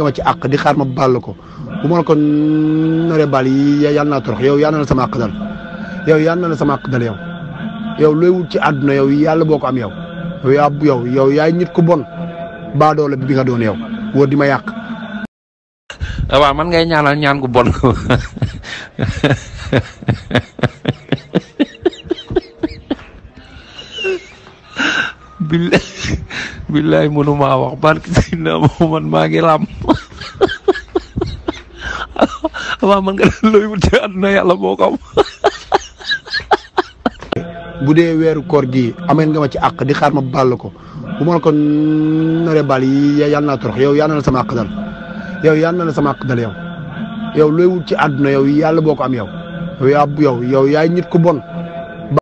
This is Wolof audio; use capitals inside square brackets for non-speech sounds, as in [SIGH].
nga ma ci àq di xaar ma baal ko bu ma la ko naree baal yi yal naa torox yow yal na la sama àq dal yow yal na la wut ci àdduna yow yàlla boo ko am yow yow yaa yow yow yaay nit ku bon baadoola bi bi doon yow wóor di ma yàq. waaw man ngay ñaanal ñaan gu bon [LAUGHS] [LAUGHS] billahi billaay mënumaa wax barki si na man maa ngi làmm [LAUGHS] waaw man nga looy wut ci àdduna yàlla moo ko am [LAUGHS] bu dee weeru koor gi ameen nga ma ci àq di xaar ma bàll ko bu ma la ko naree bàll yi yàlla naa torox yow yàlla na la sama àq dal na sama àq dal yow yow looy wut ci àdduna yow yàlla boo ko am yow yow yaa yow yow yaay ku bon